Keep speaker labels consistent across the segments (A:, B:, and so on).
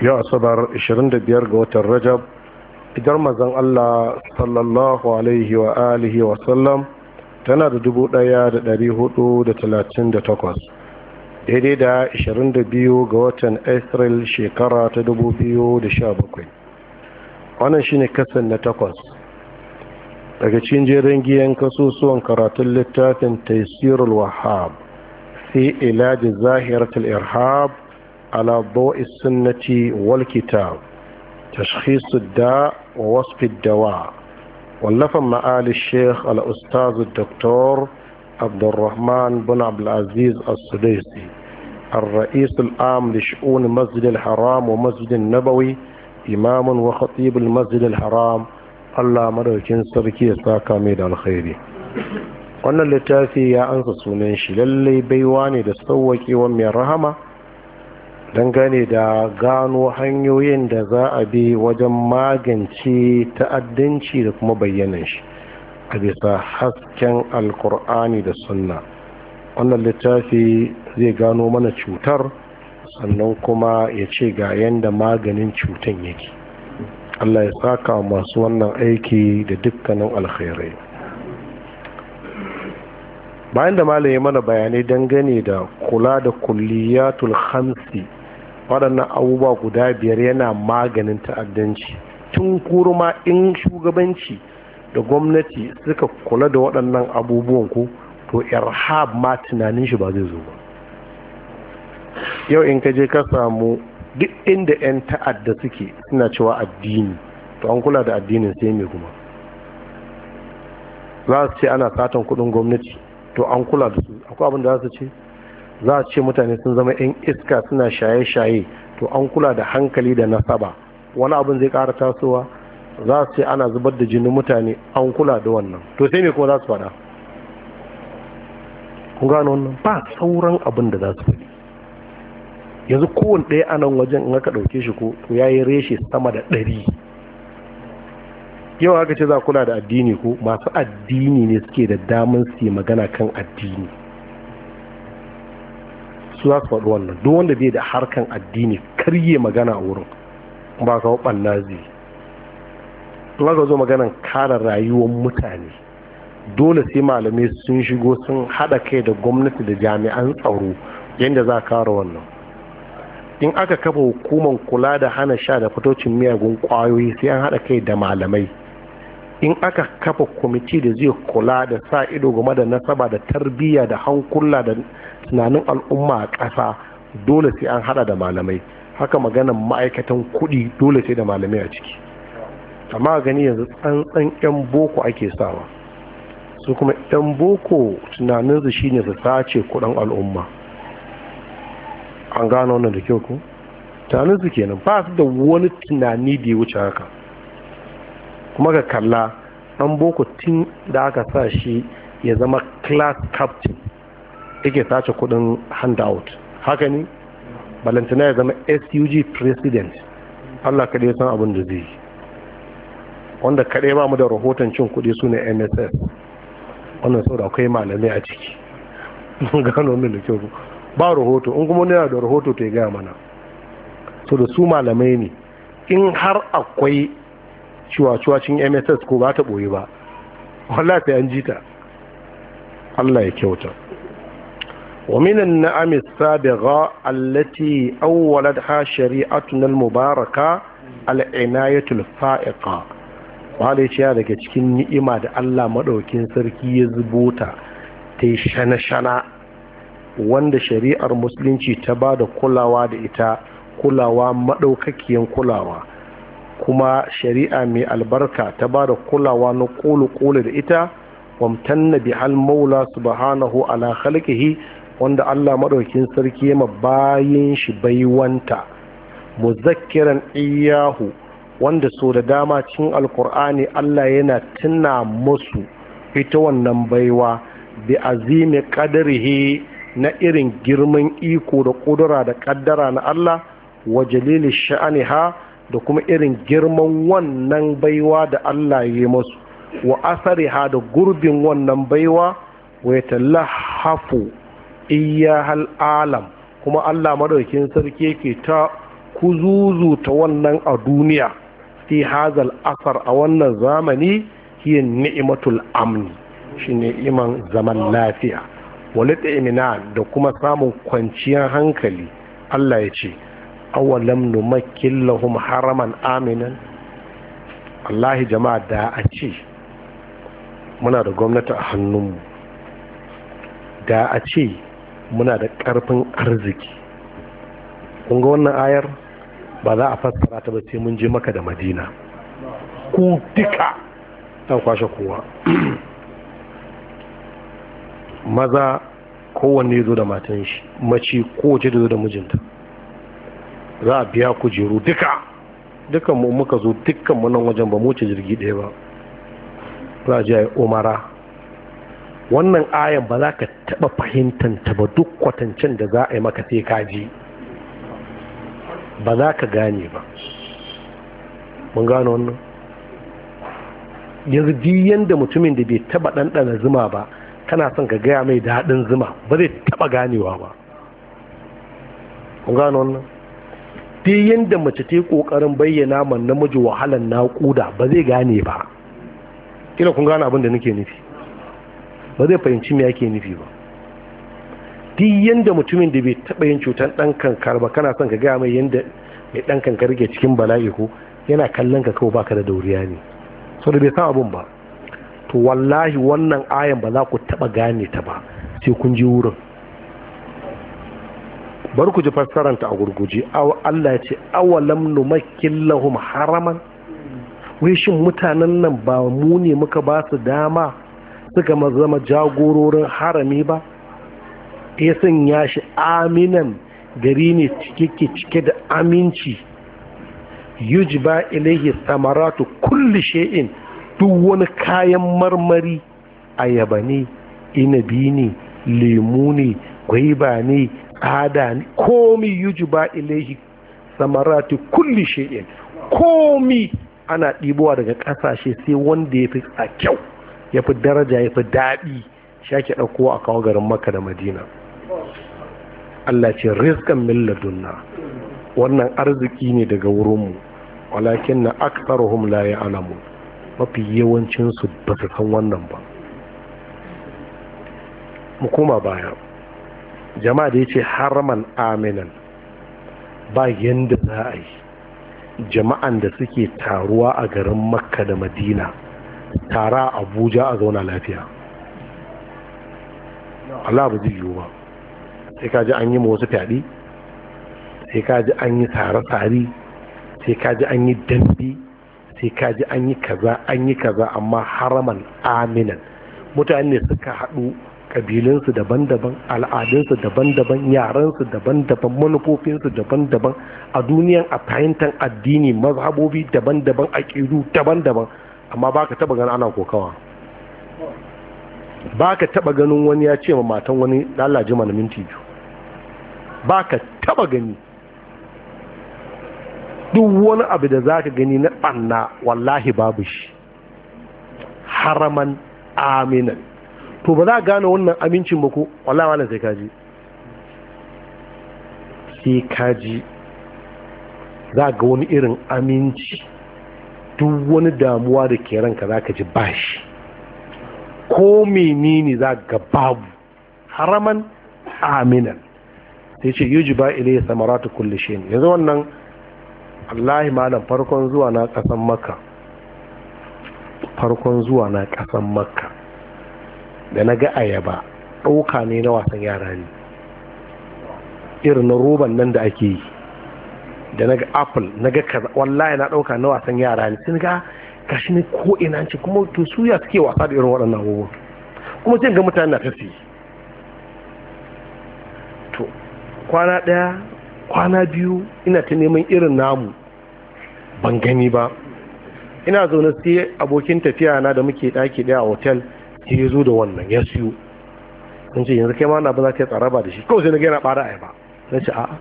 A: yau asabar 25 ga watan rajab idan mazan allah sallallahu alaihi wa alihi wa sallam tana da 1438 daidai da 22 ga watan april shekara ta 2017 wannan shine kasan na takwas daga cikin jerin giyan kasusuwan karatun littafin taisirul wahab fi ilaji zahiratul irhab على ضوء السنة والكتاب تشخيص الداء ووصف الدواء ولف معالي الشيخ الأستاذ الدكتور عبد الرحمن بن عبد العزيز السديسي الرئيس العام لشؤون مسجد الحرام ومسجد النبوي إمام وخطيب المسجد الحرام Allah madaukin sarki ya saka mai da alkhairi wannan littafi ya ansa sunan shi lallai baiwa ne da sauwaƙewa mai rahama dangane da gano hanyoyin da za a bi wajen magance ta'addanci da kuma bayyanan shi a bisa hasken alkur'ani da sunna wannan littafi zai gano mana cutar sannan kuma ya ce ga yadda maganin cutan yake allah ya saka masu wannan aiki da dukkanin alkhairai bayan da malaye mana bayanai dangane da kula da kulliyatul hamsi waɗannan abubuwa guda biyar yana maganin ta'addanci tun kuruma in shugabanci da gwamnati suka kula da waɗannan abubuwan ko to irhab ma tunanin shi ba zai zo ba yau in ka je ka samu duk inda 'yan ta'adda suke suna cewa addini to an kula da addinin sai mai kuma za su ce ana satan kudin gwamnati to an kula da su akwai abin da za su ce za a ce mutane sun zama 'yan iska suna shaye-shaye to an kula da hankali da nasaba wani abin zai ƙara tasowa za su ce ana zubar da jinin mutane an kula da wannan to sai me kuma za su faɗa kun gano wannan ba sauran abin da za su faɗi yanzu kowane ɗaya a wajen in aka ɗauke shi ko to ya yi reshe sama da ɗari yau haka ce za kula da addini ko masu addini ne suke da damar su yi magana kan addini su za su faɗi wannan duk wanda bai da harkan addini karye magana a wurin ba ka ɓanna zai za ka zo maganan kare rayuwar mutane dole sai malamai sun shigo sun haɗa kai da gwamnati da jami'an tsaro yadda za a kare wannan in aka kafa hukumar kula da hana sha da fitocin miyagun ƙwayoyi sai an haɗa kai da malamai in aka kafa kwamiti da zai kula da sa ido game da nasaba da tarbiyya da hankula da tunanin al'umma a ƙasa dole sai an hada da malamai haka maganan ma'aikatan kuɗi dole sai da malamai a ciki amma gani yanzu tsantsan 'yan boko ake sawa su kuma 'yan boko tunaninsu shine su sace kuɗin al'umma an gano wannan da kyau ko tunaninsu kenan ba su da wani tunani da ya wuce haka kuma ga kalla dan boko tun da aka sa shi ya zama class captain yake sace kudin handout haka ne balantana ya zama sug president allah kaɗai san abin da zai wanda kaɗai ba mu da rahoton cin kuɗi su ne mss wannan sau da akwai malamai a ciki gano wannan da kyau ba rahoto in kuma yana da rahoto ta gaya mana so da su malamai ne in har akwai ciwaciwacin mss ko ba ta ɓoye ba wala sai an jita allah ya kyauta ومن النعم السابغة التي أولدها شريعتنا المباركة العناية الفائقة wale ce ya daga cikin ni'ima da Allah maɗaukin sarki ya zubuta ta yi shana-shana wanda shari'ar musulunci ta ba da kulawa da ita kulawa maɗaukakiyan kulawa kuma shari'a mai albarka ta ba da kulawa na kulu-kulu da ita na bi hal maula subhanahu ala khalqihi wanda Allah madaukin sarki ya bayin shi baiwanta muzakkiran iyahu wanda so da dama cikin alkur'ani Allah yana tuna musu ita wannan baiwa bi azimi qadrihi na irin girman iko da kudura da ƙaddara na Allah wa jalili sha'aniha da kuma irin girman wannan baiwa da Allah ya yi masu wa asari ha da gurbin wannan baiwa wa ya hafu iya alam kuma Allah madaukin sarki yake ta ta wannan a duniya fi hazal asar a wannan zamani hiya ni'imatul amni shi ni'iman zaman lafiya wani da kuma samun kwanciyar hankali Allah ya ce awalam numakkin lahum haraman aminan Allahi jama'a da a ce muna da gwamnati a hannunmu da a ce muna da ƙarfin arziki kun ga wannan ayar ba za a fassara ta ba sai mun je maka da madina ku duka ta kwashe kowa maza kowanne zo da matan shi mace kowace da zo da mijinta za a biya kujeru duka dukan mu muka zo dukkan mu nan wajen ba mu ci jirgi ɗaya ba za a je a yi umara wannan ayan ba za ka taɓa fahimtanta ba duk kwatancin da za a yi maka sai ka ji ba za ka gane ba mun gano wannan yanzu biyan da mutumin da bai taɓa ɗanɗana zuma ba kana son ka gaya mai daɗin zuma ba zai taɓa ganewa ba mun gano wannan duk yadda mace ta yi ƙoƙarin bayyana man namiji wahalan naƙuda ba zai gane ba kila kun gane abin da nake nufi ba zai fahimci me yake nufi ba duk yadda mutumin da bai taɓa yin cutar ɗan kankar ba kana son ka gaya mai yadda mai ɗan kankar ke cikin bala'i ko yana kallon ka kawai baka da dauriya ne sau da bai san abin ba to wallahi wannan ayan ba za ku taɓa gane ta ba sai kun ji wurin bari ku ji fassaranta a gurguje Allah ya ce awalam numakkin lahum haraman wai shin mutanen nan ba mu ne muka ba su dama suka zama jagororin harami ba ya sanya shi aminan gari ne cike cike da aminci ba ilaihi samaratu kulli she'in duk wani kayan marmari ayaba ne inabi ne lemu ne gwaiba ne ada ne komi yujuba ilaihi samarati kulli shay'in komi ana ɗibowa daga ƙasashe sai wanda yafi a kyau yafi daraja yafi fi daɗi shake ɗauko a kawo garin Makka da madina Allah ce min milladunna wannan arziki ne daga wurin mu walakin na aktaruhum la alamu mafi yawancinsu ba su san wannan ba mu koma baya jama'a da ya ce haraman aminan ba yadda za a yi jama'an da suke taruwa a garin makka da madina tara abuja a zauna lafiya Allah ba zai yiwu ba sai ka an yi wasu fyaɗe sai ka ji an yi tare-tare sai ka ji an yi dambe sai ka an yi kaza an yi kaza amma haraman aminan mutane suka haɗu ƙabilunsu daban-daban al'adunsu daban-daban yarensu daban-daban manufofinsu daban-daban a duniyan a fahimtar addini mazhabobi daban-daban aƙidu daban-daban amma ba ka taɓa ganin ana kokawa ba ka taɓa ganin wani ya ce ma matan wani lalaji mana minti biyu ba ka taɓa gani duk wani abu da za ka gani na ɓanna wallahi babu shi haraman aminan to ba za a gane wannan amincin ba ko wala malam sai kaji sai kaji za ga wani irin aminci duk wani damuwa da ke ranka za ka ji bashi ko menene za ga babu haraman aminan sai ce yuji ba ile ta kulle shi ne yanzu wannan allahi malam farkon zuwa na kasan maka farkon zuwa na kasan maka. da na ga ayaba ɗauka ne na wasan yara ne irin na roban nan da ake yi da na ga apple na ga kaza wallahi na ɗauka na wasan yara ne sun ga kashi ne ko ce kuma to suya suke wasa da irin waɗannan abubuwa kuma sai ga mutane na tafi. to kwana ɗaya kwana biyu ina ta neman irin namu ban gani ba ina zaune sai abokin tafiya na da muke ɗaki ɗaya a hotel sai ya zo da wannan ya siyo in ce yanzu kai ma na ba za ka yi tsaraba da shi kawai sai na gina ɓara a ba na ce a'a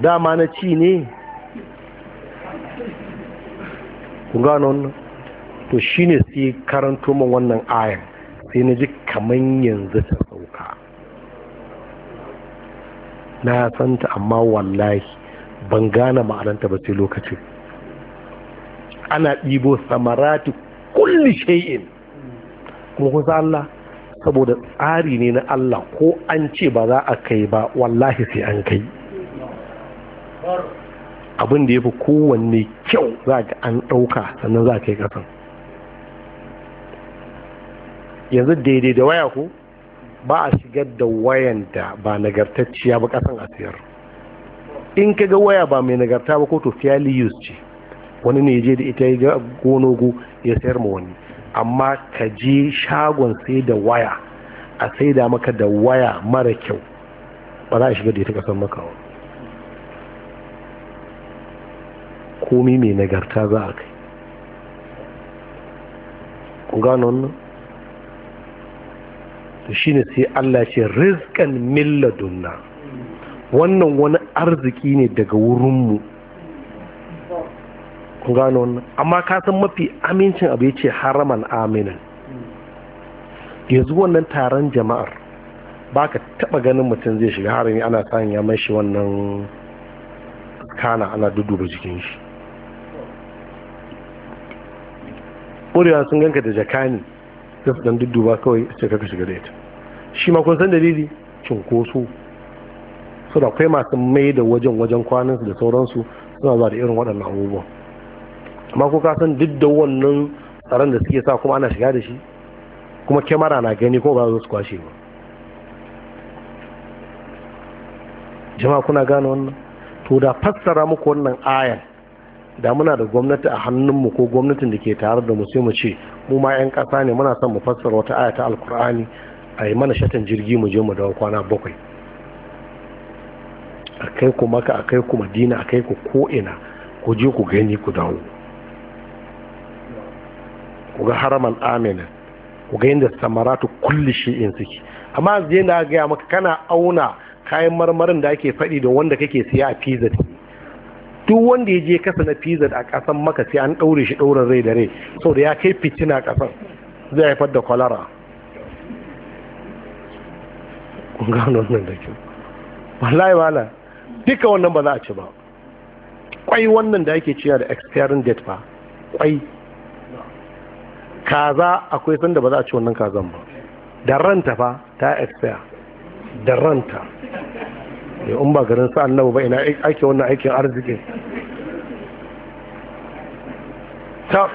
A: dama na ci ne ku gano wannan to shine sai karanto min wannan ayan sai na ji kaman yanzu ta sauka na santa amma wallahi ban gane ma'ananta ba sai lokacin ana ɗibo samarati kulli shay'in kuma kun san Allah saboda tsari ne na Allah ko an ce ba za a kai ba wallahi sai an kai abin da ya fi kowanne kyau za ga an ɗauka sannan za a kai kasan. yanzu daidai da waya ko ba a shigar da wayan da ba nagartacciya ba ƙasan a siyar in ka ga waya ba mai nagarta ba ko to fairly ce wani ne je da ita ya ga gonogo ya sayar ma wani amma ka je shagon sai da waya a sai da maka da waya mara kyau ba za a shiga da ita kasan maka wa komi mai nagarta za a kai ku gano wannan to shine sai Allah ce rizqan milladunna wannan wani arziki ne daga wurinmu mu kun gano wannan amma ka san mafi amincin abu ya ce haraman aminin yanzu wannan taron jama'ar ba ka taɓa ganin mutum zai shiga harami ana sanya ya mashi wannan kana ana duduba jikin shi ƙurewa sun ganka da jakani da sai dudu dan kawai sai kaka shiga da ita shi ma kun san dalili cunkoso su da akwai masu mai da wajen wajen kwanansu da sauransu suna zuwa da irin waɗannan abubuwa. amma ko kasan duk da wannan tsaron da suke sa kuma ana shiga da shi kuma kyamara na gani ko ba za su kwashe ba jama'a kuna gane wannan to da fassara muku wannan ayan da muna da gwamnati a hannunmu ko gwamnatin da ke tare da mu sai mu ce mu ma 'yan ƙasa ne muna son mu fassara wata aya ta alkur'ani a yi mana shatan jirgi mu je mu dawo kwana bakwai a kai ku maka a kai ku madina a kai ku ko'ina ku je ku gani ku dawo ku ga haraman amina ku ga yadda samaratu kulli in suke amma zai na gaya maka kana auna kayan marmarin da ake faɗi da wanda kake siya a pizza duk wanda ya je kasa na pizza a ƙasan maka sai an ɗaure shi ɗaurin rai da rai da ya kai fitina ƙasan zai haifar da kwalara kun gano nan da kyau wallahi wala duka wannan ba za ci ba kwai wannan da ake ciya da expiring date ba kwai kaza akwai sanda ba za a ci wannan kazan ba da ranta fa ta expire da ranta ya eh, in ba garin sa annabu ba ina ake wannan aikin arzikin ta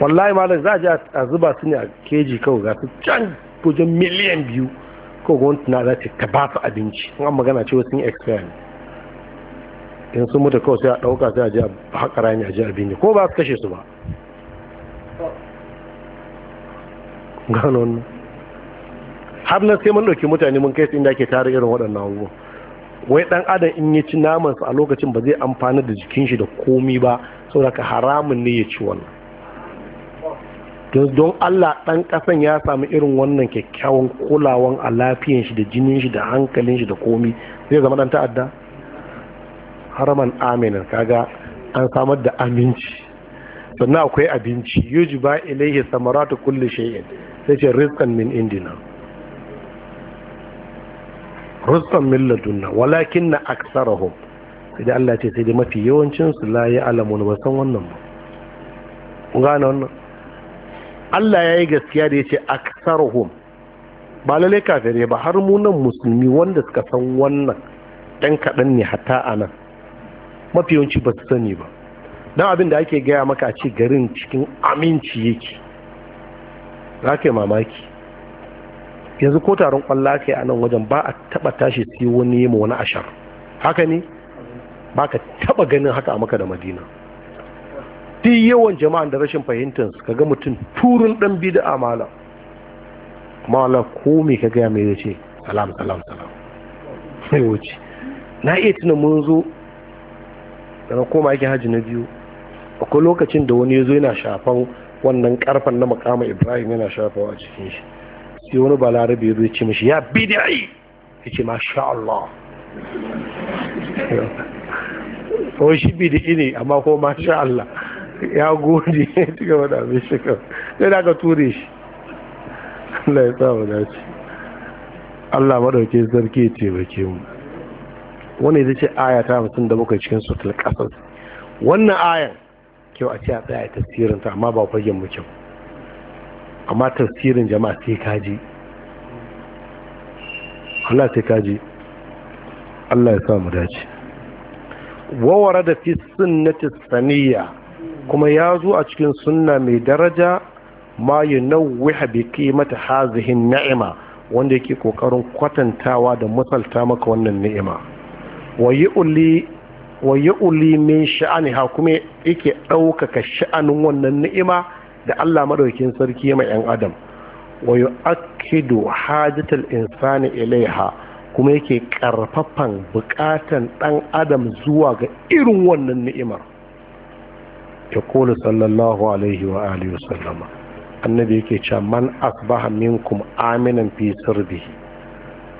A: wallahi malam za a ji a zuba su ne a keji kawai ga su can kujin miliyan biyu ko gwamnati na za ta ba su abinci an magana cewa sun yi expire ne in sun mutu kawai sai a ɗauka sai a ji a haƙa rami a ji abinci ko ba su kashe su ba gano har nan sai mun ɗauki mutane mun kai su inda ke tare irin waɗannan hango wai ɗan adam in ya ci namansa a lokacin ba zai amfana da jikin shi da komi ba saboda ka haramun ne ya ci wannan don Allah ɗan ƙasan ya sami irin wannan kyakkyawan kulawan a lafiyan shi da jinin shi da hankalin shi da komi zai zama ɗan ta'adda haraman aminin kaga an samar da aminci sannan akwai abinci yuji ba ilaihi samaratu kulli shay'in sai ce rizkan min indina rizkan min ladunna walakin na aksarahum sai da Allah ce sai da mafi yawancin su la ya alamu na san wannan ba gane wannan Allah ya yi gaskiya da ya ce aksarahum ba lalai kafirai ba har mu nan musulmi wanda suka san wannan ɗan kaɗan ne hatta a nan mafi yawanci ba su sani ba don abin da ake gaya maka a ce garin cikin aminci yake za ka yi mamaki yanzu ko taron kwallo ka a nan wajen ba a taba tashi sai wani yi wani ashar haka ne ba ka taba ganin haka a maka da madina duk yawan jama'an da rashin fahimtar ka ga mutum turun dan bid'a amala amala ko me ka gaya mai ce salam salam salam sai wuce na iya tuna mun zo da na koma yake hajji na biyu akwai lokacin da wani ya zo yana shafan wannan karfan na makama ibrahim yana shafawa a cikin shi sai wani balarabe zai ce mashi ya bi ai ya ce masha Allah Ko shi bi da ne amma ko masha Allah ya gode ya gaba da abin shi kan sai da aka ture shi Allah ya sa mu dace Allah madauke zarki ya taimake mu Wani zai ce aya ta mutum da muka cikin sutul kasar wannan ayan kyau a ce a tsaya tasirin ta amma ba fagen mu kyau amma tasirin jama'a sai kaji Allah sai kaji Allah ya samu dace wawara da fi sunnati saniya kuma ya zo a cikin sunna mai daraja ma yunawwiha bi mata hazihin na'ima wanda yake kokarin kwatantawa da musalta maka wannan ni'ima wa uli. wa uli min sha'aniha kuma yake ɗaukaka sha'anin wannan ni'ima da Allah madaukin sarki mai yan adam wa akidu hajatal insani ilaiha kuma yake ƙarfafan bukatan ɗan adam zuwa ga irin wannan ni'imar ya kola sallallahu alaihi wa alihi wa sallama annabi yake cewa man asbaha minkum aminan fi sirbihi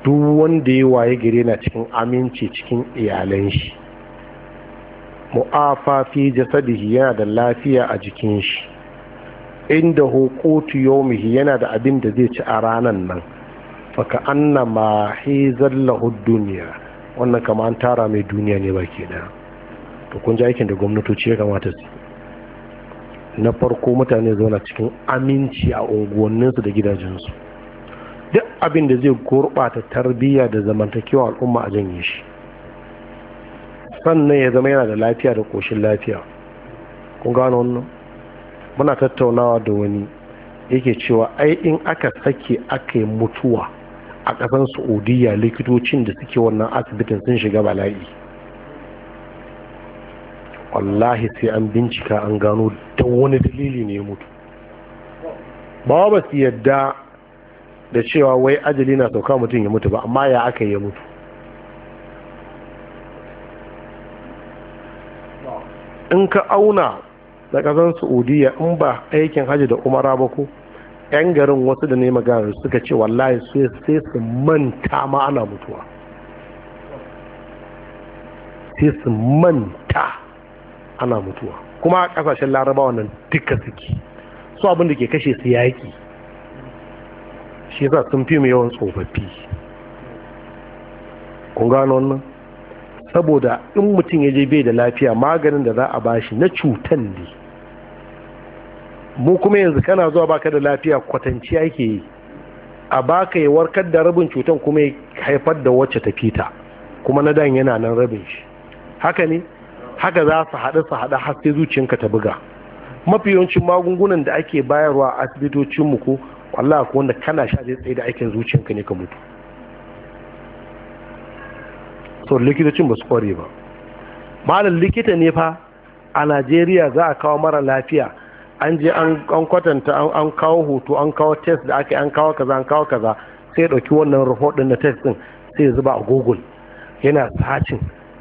A: duk wanda ya waye gare na cikin aminci cikin iyalan shi Muafafi fi jasadihi yana da lafiya a jikin shi inda hukutu yomihi yana da abin da zai ci a ranan nan faka anna ma hizar lahud duniya wannan kama an tara mai duniya ne baki da to kun ji aikin da gwamnatoci ya kamata su na farko mutane zauna cikin aminci a unguwanninsu da gidajensu duk abin da zai gurɓata tarbiyya da zamantakewa al'umma a janye shi sannan ya zama yana da lafiya da koshin lafiya kun gano wannan muna tattaunawa da wani yake cewa ai in aka sake aka yi mutuwa a ƙasan saudiya likitocin da suke wannan asibitin sun shiga bala'i wallahi sai an bincika an gano don wani dalili ne mutu ba ba su yadda da cewa wai ajali na sauka mutum ya mutu ba amma ya aka yi mutu in ka auna da ƙasar saudiya in ba aikin hajji da umara ba ko yan garin wasu da ne magana suka ce wallahi sai su manta ma ana mutuwa sai su manta ana mutuwa kuma a ƙasashen larabawa nan duka suke su abin da ke kashe su yaƙi shi yasa sun fi mu yawan tsofaffi kun gano wannan saboda in mutum ya je bai da lafiya maganin da za a bashi na cutan ne mu kuma yanzu kana zuwa baka da lafiya kwatanci ake yi a baka ya warkar da rabin cutan kuma ya haifar da wacce ta fita kuma na dan yana nan rabin shi haka ne haka za su haɗu su haɗu har sai zuciyanka ta buga mafi yawancin magungunan da ake bayarwa a asibitocinmu ko wallahi ko wanda kana sha zai tsaye da aikin zuciyarka ne ka mutu sau likitocin ba su kware ba malin likita ne fa a najeriya za a kawo mara lafiya an je an kwatanta an kawo hoto an kawo test da aka an kawo kaza an kawo kaza sai ɗauki wannan rahoton na test ɗin sai zuba a google yana sacin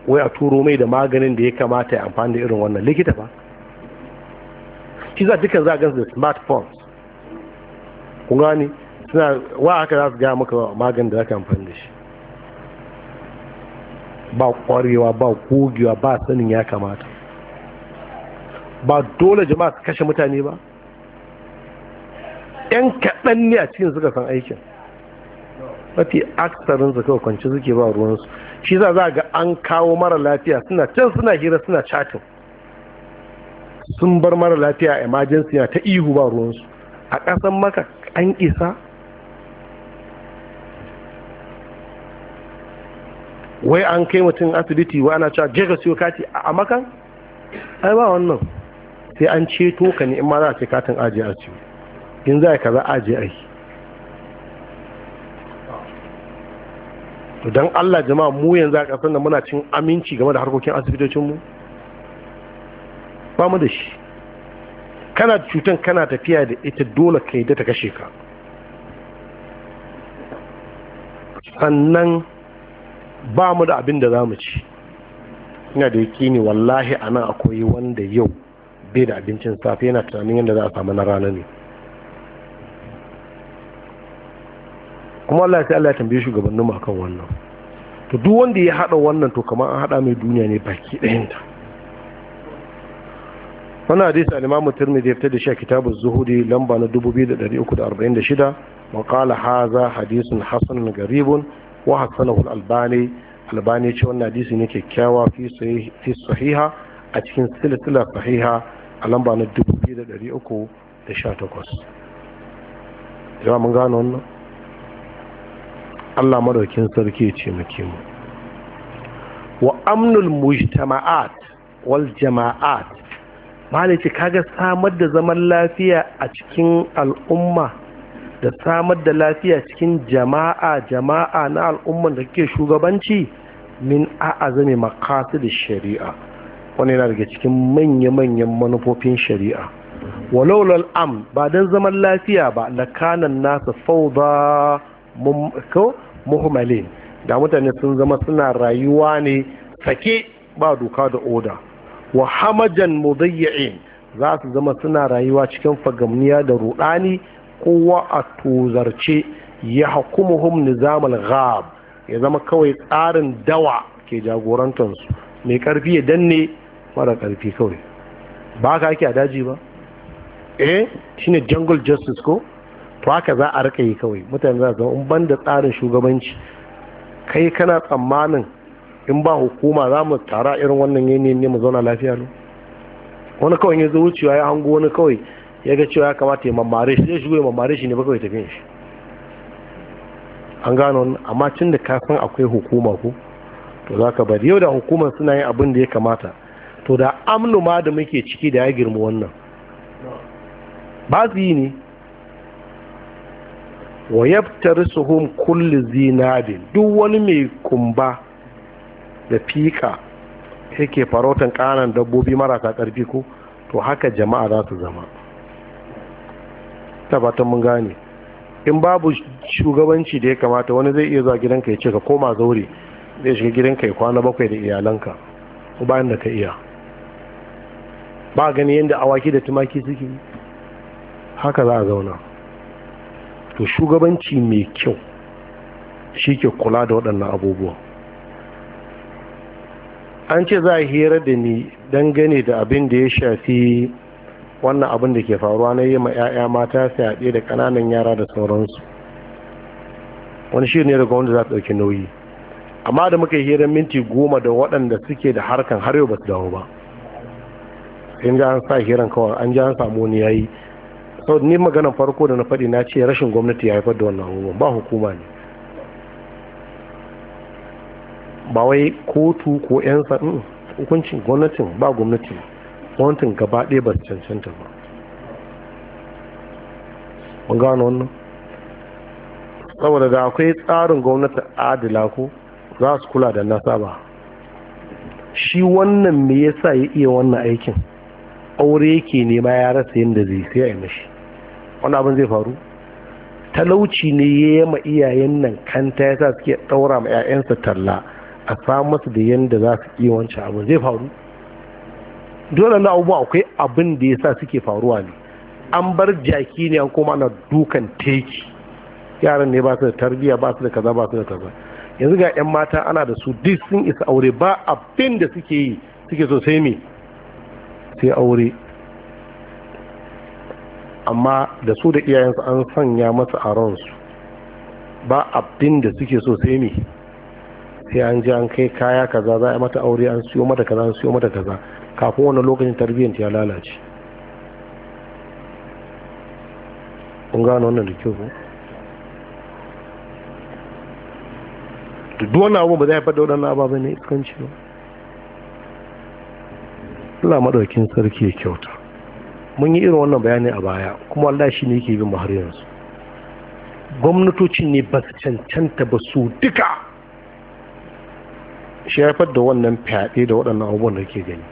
A: wai a turo mai da maganin da ya kamata ya amfani da irin wannan likita ba shi za dukkan za a gansu da smartphones kun gani suna wa aka za su gaya maka maganin da za ka amfani da shi ba kwarewa ba gogewa ba sanin ya kamata ba dole jama'a su kashe mutane ba yan kaɗan ne a cikin suka san aikin mafi aksarin zaka kwanci suke ba ruwansu shi za ga an kawo mara lafiya suna can suna hira suna chatin sun bar mara lafiya a emergency ta ihu ba ruwansu a ƙasan maka an isa wai an kai mutum asibiti wa ana cewa je siyo kati a makan ai ba wannan sai an ceto ka ne in ma za a ce katin aje a ciwo in za ka za a aje a yi don allah jama'a mu yanzu a ƙasar da muna cin aminci game da harkokin asibitocinmu ba mu da shi kana cutan kana tafiya da ita dole kai da ta kashe ka sannan ba mu da abin da za mu ci ina da yake ne wallahi a nan akwai wanda yau bai da abincin safe yana tunanin yadda za a samu na rana ne kuma Allah sai Allah ya tambaye shugabanninmu akan wannan to duk wanda ya hada wannan to kamar an hada mai duniya ne baki ɗayanta wannan hadisi al-Imam Tirmidhi ya fitar da shi a kitabu Zuhudi lamba na 2346 wa qala hadha hadithun hasanun garibun wa hasanahu albani albani ce wannan hadisi ne kyakkyawa fi sahiha a cikin silsila sahiha a lamba na 2318 jama'a mun gano wannan Allah madaukin sarki ce muke mu wa amnul mujtama'at wal jama'at malai ce kaga samar da zaman lafiya a cikin al'umma da samar da lafiya cikin jama'a jama'a na al'ummar da ke shugabanci min azami makasu da shari'a wani yana daga cikin manya-manyan manufofin shari'a walaular am ba don zaman lafiya ba lakanan nasa ba muhammalin da mutane sun zama suna rayuwa ne sake ba doka da oda wa hamajan mudayyi'in za su zama suna rayuwa cikin fagamniya da rudani kowa a tozarce ya hukumuhum nizamul ghab ya zama kawai tsarin dawa ke jagorantarsu mai karfi ya danne mara karfi kawai ba ka ake a daji ba eh shine jungle justice ko to haka za a rika yi kawai mutane za su zama ban da tsarin shugabanci kai kana tsammanin in ba hukuma za mu tara irin wannan yanayi ne mu zauna lafiya lo wani kawai ya zo wucewa ya hango wani kawai ya ga cewa ya kamata ya mamare shi zai shigo ya mamare shi ne bakwai tafi shi an gano amma tun da kafin akwai hukuma ku to za ka bari yau da hukumar suna yin abin da ya kamata to da amnu ma da muke ciki da ya girma wannan ba su yi ne wa su suhum kulle zinadin duk wani mai kumba da fika yake farautan ƙananan dabbobi marasa ƙarfi ko to haka jama'a za su zama tabbatar mun gane in babu shugabanci da ya kamata wani zai iya zuwa gidanka ya ce ka koma zaure zai shiga gidanka ya kwana bakwai da iyalanka bayan da ka iya ba gani yadda awaki da tumaki suke haka za a zauna to shugabanci mai kyau shi ke kula da waɗannan abubuwa an ce za a hira da ni dangane da abin da ya shafi wannan abin da ke faruwa na yi ma 'ya'ya mata fyaɗe da ƙananan yara da sauransu wani shi ne daga wanda za su ɗauki nauyi amma da muka yi hirar minti goma da waɗanda suke da harkan har yau ba su dawo ba in ga an sa hirar kawai an ji an samu wani yayi sau ni maganan farko da na faɗi na ce rashin gwamnati ya haifar da wannan abubuwan ba hukuma ne ba wai kotu ko 'yan mm, hukuncin gwamnatin ba gwamnati wantin gaba ɗaya ba su cancanta ba ban gano wannan saboda da akwai tsarin gwamnati adila ko za su kula da nasa ba shi wannan me yasa ya iya wannan aikin aure yake nema ya rasa yadda zai sai ya yi mashi wani abin zai faru talauci ne ya yi ma iyayen nan kanta ya sa suke ɗaura ma 'ya'yansa talla a samu masu da yadda za su iya wancan abin zai faru dole na abubuwa akwai abin da ya sa suke faruwa ne an bar jaki ne an koma na dukan teki yaran ne ba su da tarbiyya ba su da kaza ba su da kaza yanzu ga 'yan mata ana da su duk sun isa aure ba abin da suke yi suke so sai me sai aure amma da su da iyayensu an sanya masa a ransu ba abin da suke so sai me sai an ji an kai kaya kaza za a mata aure an siyo mata kaza an siyo mata kaza kafin wani lokacin tarbiyyanta ya lalace kun gano wannan da kyau ba, duk wani abu ba zai faɗa waɗannan ababen ne iskanci ba Allah maɗaukin sarki ya kyauta mun yi irin wannan bayani a baya kuma Allah shi ne yake bin mu har yanzu gwamnatocin ne ba su cancanta ba su duka shi haifar da wannan fyaɗe da waɗannan abubuwan da ke gani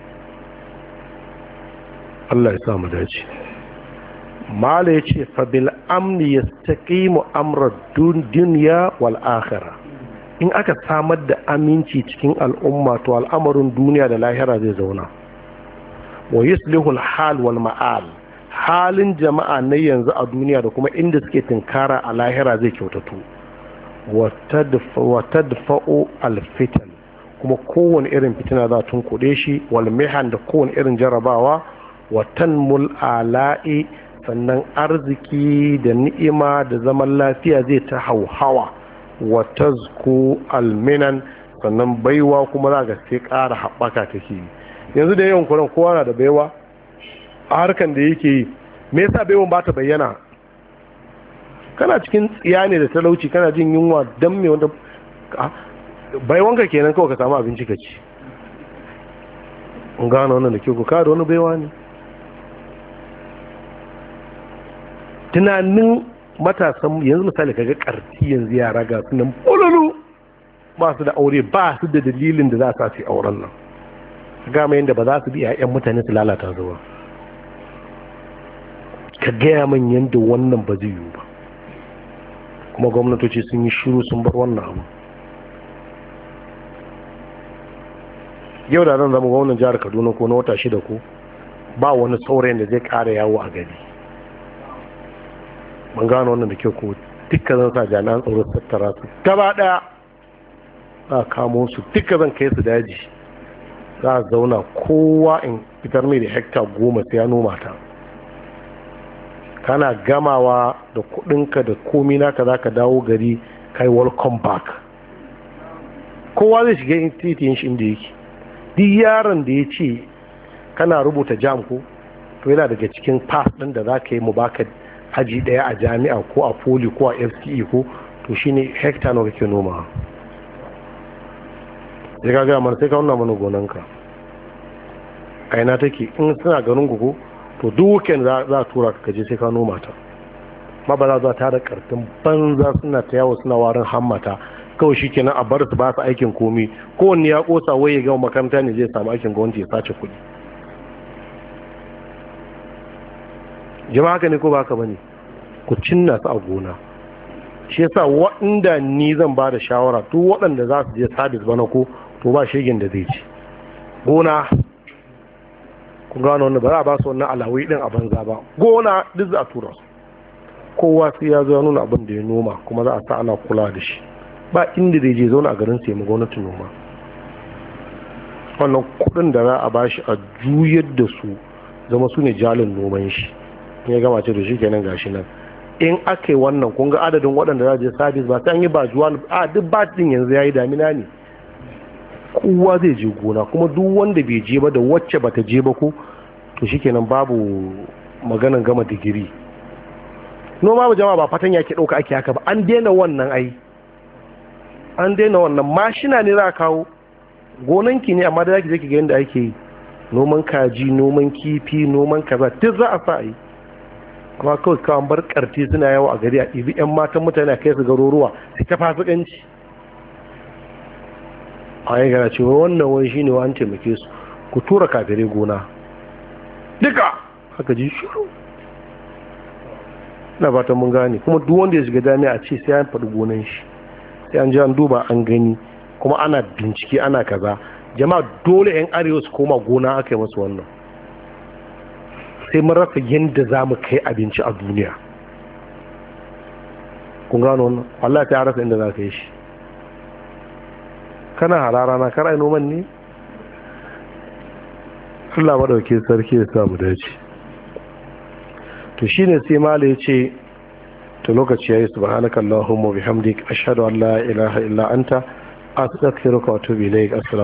A: Allah ya sa mu dace mala yace fa bil amni yastaqimu amra dunya wal akhirah in aka samar da aminci cikin al'umma to al'amarin duniya da lahira zai zauna wa yuslihu al hal wal ma'al halin jama'a na yanzu a duniya da kuma inda suke tunkara a lahira zai kyautatu wa wata al alfitan kuma kowane irin fitina za tun kuɗe shi wal mihan da kowane irin jarabawa watan mul'ala'i sannan arziki da ni'ima da zaman lafiya zai ta hauhawa wa zuku alminan sannan baiwa kuma za ga sai ƙara haɓaka take yi yanzu da yawan kuran kowa na da baiwa a harkan da yake yi me yasa baiwan ba ta bayyana kana cikin tsiya ne da talauci kana jin yunwa don me wanda baiwanka kenan kawai ka samu abinci ka ci gano wannan da ke ku kada wani baiwa ne tunanin matasan yanzu misali kaga karfi yanzu yara ga sunan bololo ba su da aure ba su da dalilin da za su yi auren nan ga mai yadda ba za su biya 'ya'yan mutane su lalata su ba ka gaya man yadda wannan ba zai yiwu ba kuma gwamnatoci sun yi shiru sun bar wannan abu yau da zan zama gwamnan jihar kaduna ko na wata shida ko ba wani saurayin da zai kara yawo a gari ban gano wannan da kyau ko dukkan zan sa jami'an tsaro tattara su gaba daya za a kamo su duka zan kai su daji za a zauna kowa in fitar mai da hekta goma sai ya noma ta kana gamawa da kudinka da komi naka za ka dawo gari kai welcome back kowa zai shiga titiyin shi inda yake duk yaron da ya ce kana rubuta jam ko to yana daga cikin pass din da za ka yi mu baka aji daya a jami'a ko a poli ko a fce ko to shine hekta nawa kake noma ya ga gaya mana sai ka nuna mana gonanka a ina take in suna ganin gugu to duk za a tura ka je sai ka noma ta ma ba za ta da karfin banza suna ta yawo suna warin hammata kawai shi kenan a bar su ba su aikin komi kowanne ya kosa waye gama makaranta ne zai samu aikin gwamnati ya sace kuɗi jama'a ka ne ko ba ka bane ku cinna su a gona shi yasa waɗanda ni zan ba da shawara to waɗanda za su je sabis bana ko to ba shegin da zai ci gona ku gano wannan ba za a ba su wannan alawai din a banza ba gona duk za a tura su kowa sai ya zo nuna abin da ya noma kuma za a sa ana kula da shi ba inda zai je zauna a garin sai mu gwamnati noma wannan kuɗin da za a bashi a juyar da su zama su ne jalin noman shi ya gama ce to shi kenan gashi nan in aka yi wannan kun ga adadin waɗanda za je sabis ba sai an yi zuwa a duk batin yanzu ya yi damina ne kowa zai je gona kuma duk wanda bai je ba da wacce ta je ba ko to shikenan babu maganan gama digiri noma ba jama'a ba fatan ya ke ɗauka ake haka ba an daina wannan ai an daina wannan mashina ne za a kawo gonanki ne amma da zaki je ki ga yadda ake yi noman kaji noman kifi noman kaza duk za a sa yi amma kawai kawai bar karti suna yawo a gari a ɗibi 'yan matan mutane a kai su garuruwa su ta fasikanci a yi gara cewa wannan wani shi ne wa an taimake su ku tura kafirai gona duka haka ji shiru na fatan mun gane kuma duk wanda ya shiga jami'a a ce sai an faɗi gonan shi sai an ji an duba an gani kuma ana bincike ana kaza jama'a dole yan arewa su koma gona aka yi masu wannan sai mun rasa yadda za mu kai abinci a duniya kun gano wannan wallahi ta rasa inda za ka yi shi kana harara na kar ai noman ne Allah madauke sarki ya samu dace to shine sai mala ya ce to lokaci yayi subhanaka allahumma bihamdik ashhadu an la ilaha illa anta astaghfiruka wa atubu ilaik assalamu